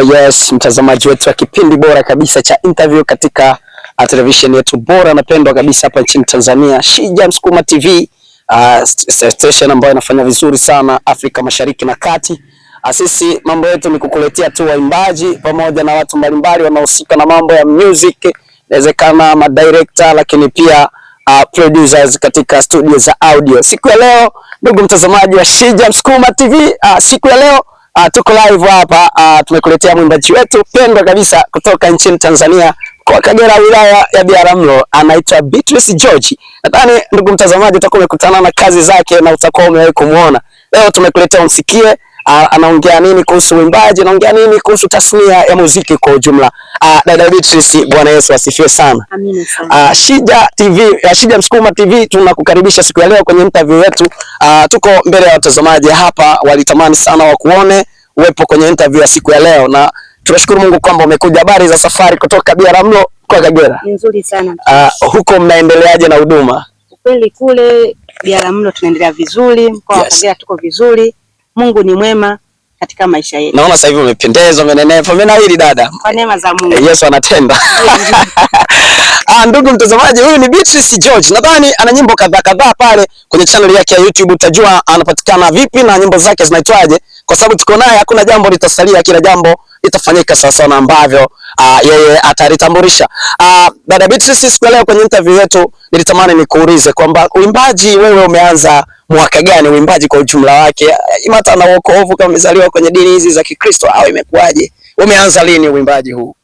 Oh yes, mtazamaji wetu wa kipindi bora kabisa cha interview katika uh, television yetu bora napendwa kabisa hapa nchini Tanzania, Shija Msukuma TV, uh, station ambayo inafanya vizuri sana Afrika Mashariki na Kati. Uh, sisi mambo yetu ni kukuletea tu waimbaji pamoja na watu mbalimbali wanaohusika na mambo ya music, inawezekana ma director, lakini pia uh, producers katika studio za audio. Siku ya leo, ndugu mtazamaji wa Shija Msukuma TV, uh, siku ya leo Uh, tuko live hapa uh, tumekuletea mwimbaji wetu pendwa kabisa kutoka nchini Tanzania kwa Kagera wilaya ya Biharamulo, anaitwa Beatrice George. Nadhani ndugu mtazamaji, utakuwa umekutana na kazi zake na utakuwa umewahi kumuona. Leo tumekuletea umsikie anaongea nini kuhusu uimbaji, anaongea nini kuhusu tasnia ya muziki kwa ujumla. Uh, Dada Beatrice, Bwana Yesu asifiwe sana. Amina sana. Shija TV, uh, Shija Msukuma TV tunakukaribisha siku ya leo kwenye interview yetu. Uh, Tuko mbele ya watazamaji hapa, walitamani sana wakuone uwepo kwenye interview ya siku ya leo na tunashukuru Mungu kwamba umekuja. Habari za safari kutoka Biharamulo kwa Kagera? Nzuri sana. Uh, huko mnaendeleaje na huduma? Kweli kule Biharamulo tunaendelea vizuri, mkoa wa Kagera tuko vizuri. Mungu ni mwema katika maisha yetu. Naona sasa hivi umependezwa, umenenepa, umenawiri dada. Kwa neema za Mungu. Eh, Yesu anatenda. Ah, ndugu mtazamaji, huyu ni Beatrice George. Nadhani ana nyimbo kadhaa kadhaa pale kwenye channel yake ya YouTube, utajua anapatikana vipi na nyimbo zake zinaitwaje, kwa sababu tuko naye, hakuna jambo litasalia, kila jambo itafanyika sawa sawa na ambavyo uh, yeye atalitambulisha. Ah, Dada Beatrice, sisi siku leo kwenye interview yetu nilitamani nikuulize kwamba uimbaji wewe umeanza mwaka gani? Uimbaji kwa ujumla wake, hata na wokovu, kama umezaliwa kwenye dini hizi za Kikristo au imekuwaje? Umeanza lini uimbaji huu?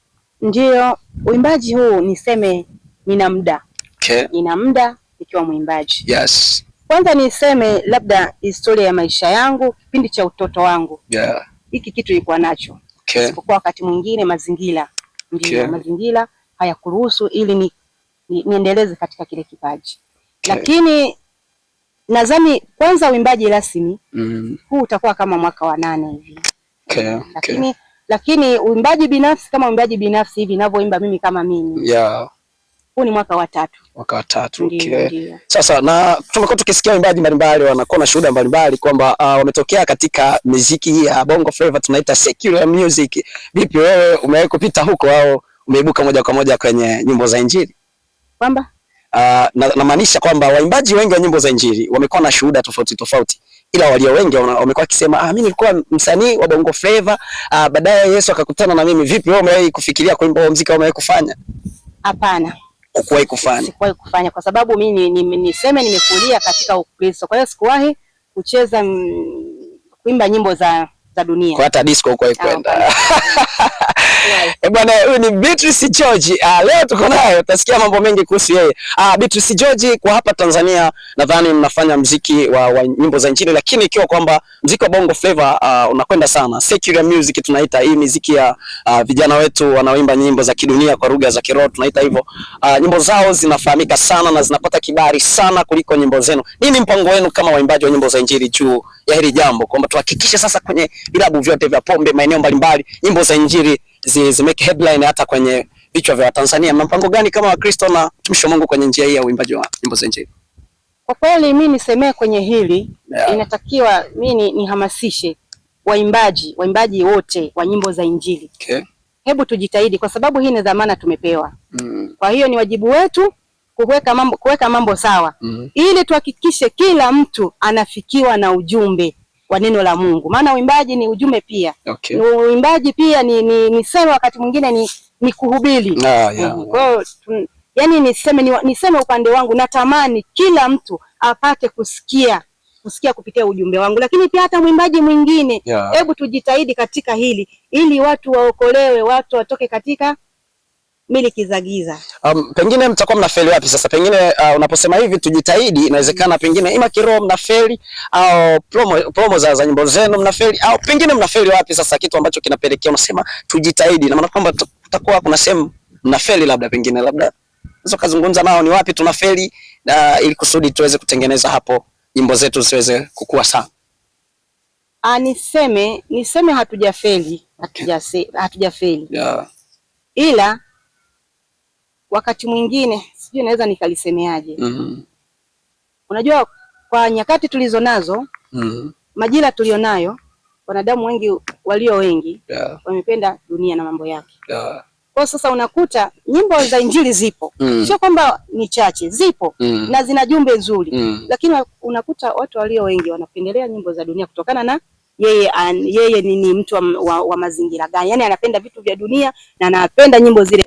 Ndio, uimbaji huu niseme nina muda okay. Nina muda nikiwa mwimbaji yes. Kwanza niseme labda historia ya maisha yangu, kipindi cha utoto wangu yeah. Hiki kitu ilikuwa nacho okay. Isipokuwa wakati mwingine mazingira ndio okay. Mazingira hayakuruhusu ili ni, ni, niendeleze katika kile kipaji okay. Lakini nadhani kwanza uimbaji rasmi mm. huu utakuwa kama mwaka wa nane hivi okay. Lakini okay. Lakini uimbaji binafsi kama uimbaji binafsi hivi ninavyoimba mimi kama mimi yeah. Huu ni mwaka wa tatu. Mwaka wa tatu. Okay. Sasa na tumekuwa tukisikia waimbaji mbalimbali wanakuwa na shuhuda mbalimbali kwamba uh, wametokea katika miziki hii ya Bongo Flava tunaita secular music. Vipi wewe umewahi kupita huko au umeibuka moja kwa moja kwenye nyimbo za injili? Kwamba uh, na, namaanisha kwamba waimbaji wengi wa nyimbo za injili wamekuwa na shuhuda tofauti tofauti ila walio wengi wamekuwa akisema ah, mimi nilikuwa msanii wa Bongo Flava ah, baadaye Yesu akakutana na mimi. Vipi wewe umewahi kufikiria kuimba muziki au umewahi kufanya? Hapana. Hukuwahi kufanya? Sikuwahi kufanya kwa sababu ni, niseme nimekulia katika Ukristo, kwa hiyo sikuwahi kucheza mm, kuimba nyimbo za za dunia. Kwa hata disco hukuwahi kwenda? Eh, bwana, huyu ni Beatrice George. Ah, leo tuko naye, utasikia mambo mengi kuhusu yeye. Ah, Beatrice George kwa hapa Tanzania nadhani mnafanya mziki wa, wa nyimbo za Injili, lakini ikiwa kwamba mziki wa Bongo Flava uh, unakwenda sana secular music tunaita hii mziki ya uh, vijana wetu wanaoimba nyimbo za kidunia kwa lugha za kiroho tunaita hivyo. Uh, nyimbo zao zinafahamika sana na zinapata kibali sana kuliko nyimbo zenu. Nini mpango wenu kama waimbaji wa nyimbo za Injili juu ya hili jambo kwamba tuhakikishe sasa kwenye vilabu vyote vya pombe, maeneo mbalimbali, nyimbo za Injili zimeke headline hata kwenye vichwa vya Watanzania. Mpango gani kama Wakristo na mtumishi wa Mungu kwenye njia hii ya uimbaji wa nyimbo za Injili? Kwa kweli mi nisemee kwenye hili yeah. Inatakiwa mi nihamasishe waimbaji waimbaji wote wa nyimbo za Injili okay. Hebu tujitahidi kwa sababu hii ni dhamana tumepewa mm. Kwa hiyo ni wajibu wetu kuweka mambo, kuweka mambo sawa mm. Ili tuhakikishe kila mtu anafikiwa na ujumbe wa neno la Mungu, maana uimbaji ni ujume pia. Okay. Uimbaji pia ni ni, ni sema wakati mwingine ni ni kuhubiri. Ah, yeah, mm. yeah. yani niseme ni, niseme upande wangu natamani kila mtu apate kusikia kusikia kupitia ujumbe wangu, lakini pia hata mwimbaji mwingine hebu yeah. tujitahidi katika hili ili watu waokolewe, watu watoke katika miliki za giza. Um, pengine mtakuwa mnafeli wapi sasa? Pengine uh, unaposema hivi tujitahidi, inawezekana pengine ima kiroho mnafeli au promo, promo za, za nyimbo zenu mnafeli au pengine mnafeli wapi sasa, kitu ambacho kinapelekea unasema tujitahidi, na maana kwamba tutakuwa kuna sehemu mnafeli, labda pengine labda unaweza kuzungumza nao ni wapi tunafeli, na uh, ili kusudi tuweze kutengeneza hapo nyimbo zetu ziweze kukua sana. Ah, niseme niseme hatujafeli, hatujafeli. Yeah. Ila wakati mwingine sijui naweza nikalisemeaje. mm -hmm. Unajua, kwa nyakati tulizo nazo mm -hmm. majira tulionayo, wanadamu wengi walio wengi yeah. wamependa dunia na mambo yake yeah. Kwa sasa unakuta nyimbo za injili zipo mm. sio kwamba ni chache, zipo mm. na zina jumbe nzuri mm. lakini unakuta watu walio wengi wanapendelea nyimbo za dunia kutokana na yeye an, yeye ni, ni mtu wa, wa, wa mazingira gani, yani anapenda vitu vya dunia na anapenda nyimbo zile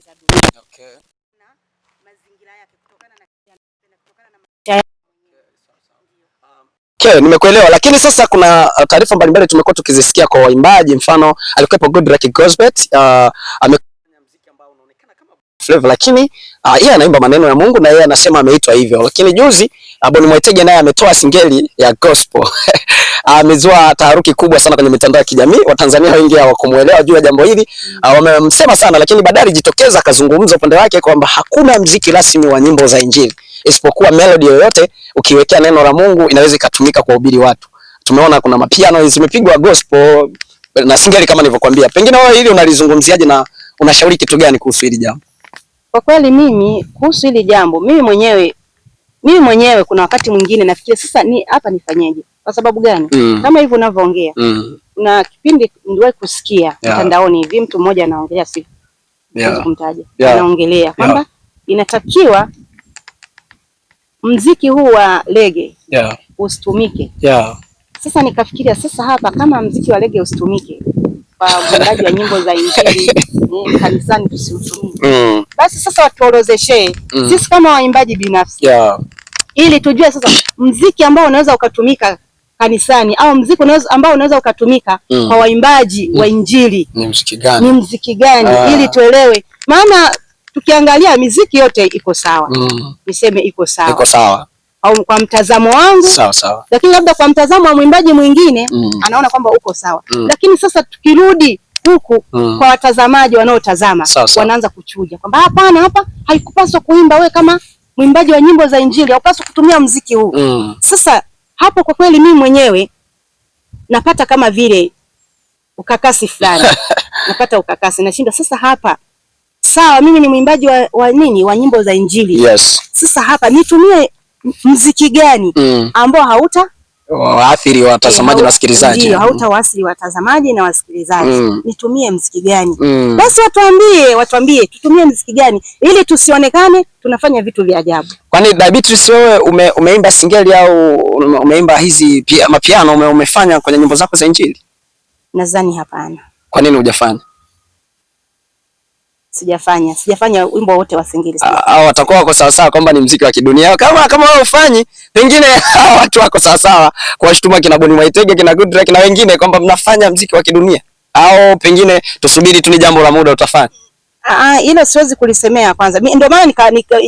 Okay, nimekuelewa lakini sasa kuna uh, taarifa mbalimbali tumekuwa tukizisikia kwa waimbaji, mfano alikuwepo Godluck Gosbert uh, amefanya muziki ambao unaonekana kama Flava, lakini uh, yeye anaimba maneno ya Mungu na yeye anasema ameitwa hivyo, lakini juzi uh, Boni Mwetege naye ametoa singeli ya gospel amezua uh, taharuki kubwa sana kwenye mitandao ya kijamii. Watanzania wengi hawakumuelewa juu ya jambo hili uh, wamemsema sana, lakini baadaye alijitokeza akazungumza upande wake kwamba hakuna mziki rasmi wa nyimbo za Injili isipokuwa melody yoyote ukiwekea neno la Mungu inaweza ikatumika kuhubiri watu. Tumeona kuna mapiano zimepigwa gospel na singeli kama nilivyokuambia. Pengine wewe hili unalizungumziaje na unashauri kitu gani kuhusu hili jambo? Kwa kweli mimi kuhusu hili jambo mimi mwenyewe mimi mwenyewe kuna wakati mwingine nafikiria sasa ni hapa nifanyeje? Kwa sababu gani? Mm. Kama hivyo unavyoongea. Mm. Na kipindi niliwahi kusikia mtandaoni yeah, hivi mtu mmoja anaongelea sifa. Yeah. Kumtaja. Yeah. Anaongelea kwamba yeah, inatakiwa mziki huu wa lege yeah. usitumike yeah. Sasa nikafikiria sasa, hapa kama mziki wa lege usitumike kwa mwimbaji wa nyimbo za injili eh, kanisani tusiutumie mm. Basi sasa watuorozeshee mm. sisi kama waimbaji binafsi yeah. ili tujue sasa mziki ambao unaweza ukatumika kanisani au mziki unaweza, ambao unaweza ukatumika mm. kwa waimbaji mm. wa injili ni mziki gani, ni mziki gani? Ah. ili tuelewe maana tukiangalia miziki yote iko sawa mm. niseme iko sawa, iko sawa au kwa mtazamo wangu sawa sawa, lakini labda kwa mtazamo wa mwimbaji mwingine mm. anaona kwamba uko sawa mm. lakini sasa tukirudi huku mm. kwa watazamaji wanaotazama wanaanza kuchuja kwamba hapana, hapa haikupaswa kuimba we kama mwimbaji wa nyimbo za Injili haupaswi kutumia mziki huu mm. Sasa hapo kwa kweli mimi mwenyewe napata kama vile ukakasi fulani napata ukakasi, nashinda sasa hapa mm. Sawa, mimi ni mwimbaji wa, wa nini wa nyimbo za Injili. Yes. Sasa hapa nitumie mziki gani mm. ambao hauta waathiri watazamaji na wasikilizaji? Ndio, waathiri watazamaji na wasikilizaji mm. nitumie mziki gani mm. basi watuambie, watuambie tutumie mziki gani ili tusionekane tunafanya vitu vya ajabu. Kwani Beatrice, wewe ume, umeimba singeli au umeimba hizi pia, mapiano ume, umefanya kwenye nyimbo zako za Injili? Nadhani hapana. Kwa nini hujafanya? sijafanya sijafanya wimbo wote wa Singeli ah, hao watakuwa wako sawa sawa, kwamba ni mziki wa kidunia. Kama kama wao ufanyi, pengine hao watu wako sawa sawa kuwashtuma kina Boni Maitege kina Gudra na wengine kwamba mnafanya mziki wa kidunia, au pengine tusubiri tu, ni jambo la muda utafanya. Ah, ah hilo siwezi kulisemea kwanza. Mimi ndio maana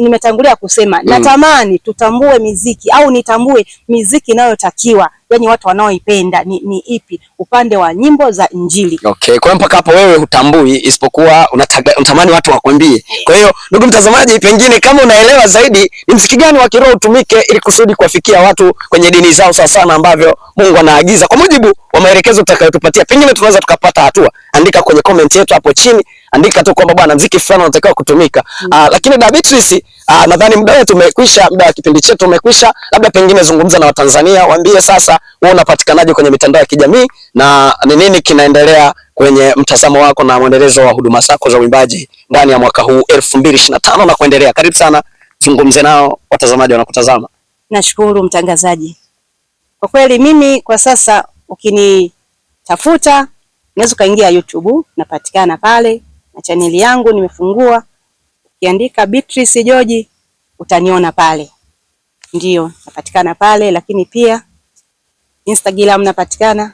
nimetangulia kusema mm. Natamani tutambue miziki au nitambue miziki inayotakiwa yani watu wanaoipenda ni, ni ipi upande wa nyimbo za Injili. Okay, kwa hiyo mpaka hapo wewe hutambui, isipokuwa unatamani watu wakwambie. Kwa hiyo ndugu mtazamaji, pengine kama unaelewa zaidi ni mziki gani wa kiroho utumike ili kusudi kuwafikia watu kwenye dini zao sawa sana ambavyo Mungu anaagiza kwa mujibu wa maelekezo utakayotupatia, pengine tunaweza tukapata hatua. Andika kwenye comment yetu hapo chini, andika tu kwamba bwana mziki fulani unatakiwa kutumika. Mm. Uh, lakini Dada Beatrice Ah, nadhani muda wetu umekwisha, muda wa kipindi chetu umekwisha. Labda pengine zungumza na Watanzania, waambie sasa wewe unapatikanaje kwenye mitandao ya kijamii na ni nini kinaendelea kwenye mtazamo wako na mwendelezo wa huduma zako za uimbaji ndani ya mwaka huu 2025 na kuendelea. Karibu sana, zungumze nao watazamaji wanakutazama. Nashukuru mtangazaji. Kwa kweli mimi kwa sasa ukinitafuta unaweza ukaingia YouTube, napatikana pale na chaneli yangu nimefungua Ukiandika Beatrice George utaniona pale, ndio napatikana pale, lakini pia Instagram napatikana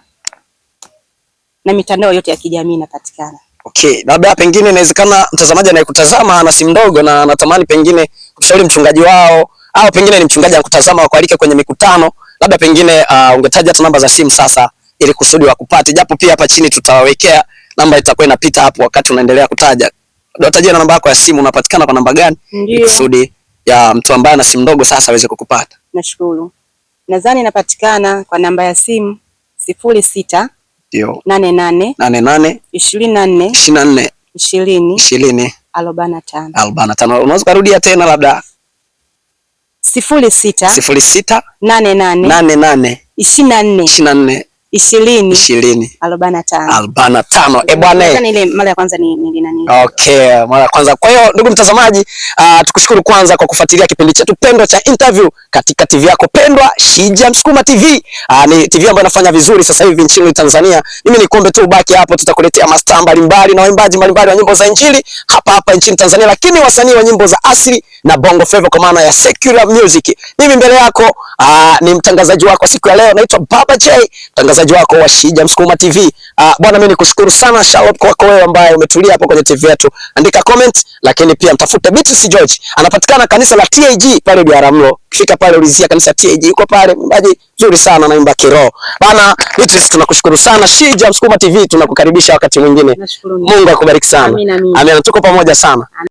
na mitandao yote ya kijamii napatikana. Okay, labda pengine inawezekana mtazamaji anayekutazama ana simu ndogo na anatamani pengine kushauri mchungaji wao au pengine ni mchungaji anakutazama wakualike kwenye mikutano, labda pengine uh, ungetaja hata namba za simu sasa ili kusudi wakupate, japo pia hapa chini tutawawekea namba itakuwa inapita hapo wakati unaendelea kutaja tajia na namba yako ya simu, unapatikana kwa namba gani, kusudi ya mtu ambaye ana simu ndogo sasa aweze kukupata? Nashukuru, nadhani napatikana kwa namba ya simu sifuri sita nane nane nane nane ishirini na nne ishirini na nne ishirini ishirini arobaini na tano arobaini na tano. Unaweza kurudia tena labda sifuri sita sifuri sita nane nane nane nane ishirini na nne ishirini na nne ishirini ishirini arobaini na tano arobaini na tano e bwana, ile mara ya kwanza ni nini na nini? Okay, mara ya kwanza. Kwa hiyo ndugu mtazamaji, uh, tukushukuru kwanza kwa kufuatilia kipindi chetu pendwa cha interview katika TV yako pendwa Shija Msukuma TV. Uh, ah, ni TV ambayo inafanya vizuri sasa hivi nchini Tanzania. Mimi nikuombe tu ubaki hapo, tutakuletea mastaa mbalimbali na waimbaji mbalimbali wa nyimbo za injili hapa hapa nchini Tanzania, lakini wasanii wa nyimbo za asili na bongo flava kwa maana ya secular music. Mimi mbele yako, uh, ni mtangazaji wako siku ya leo, naitwa Baba J mtangazaji mtazamaji wako wa Shija Msukuma TV. Uh, ah, bwana mimi nikushukuru sana Shalom kwako wewe ambaye umetulia hapo kwenye TV yetu. Andika comment lakini pia mtafute BTC George. Anapatikana kanisa la TAG pale Biharamulo. Ukifika pale ulizia kanisa TAG yuko pale mbaji nzuri sana na imba kiroho. Bana BTC tunakushukuru sana Shija Msukuma TV tunakukaribisha wakati mwingine. Mungu akubariki sana. Amina. Tuko pamoja sana. Amina.